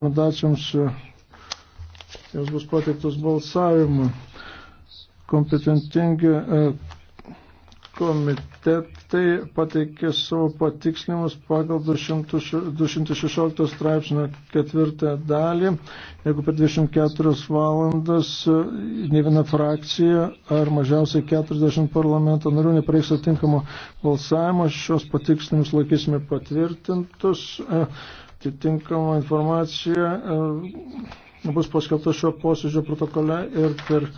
rekomendacijoms e, jos bus pateiktos balsavimu. Kompetentingi e, komitetai pateikė savo patikslimus pagal 216 straipsnio ketvirtą dalį. Jeigu per 24 valandas ne viena frakcija ar mažiausiai 40 parlamento narių nepareiks atinkamo balsavimo, šios patikslimus laikysime patvirtintus. E, atitinkama informacija e, bus paskelbta šio posėdžio protokole ir per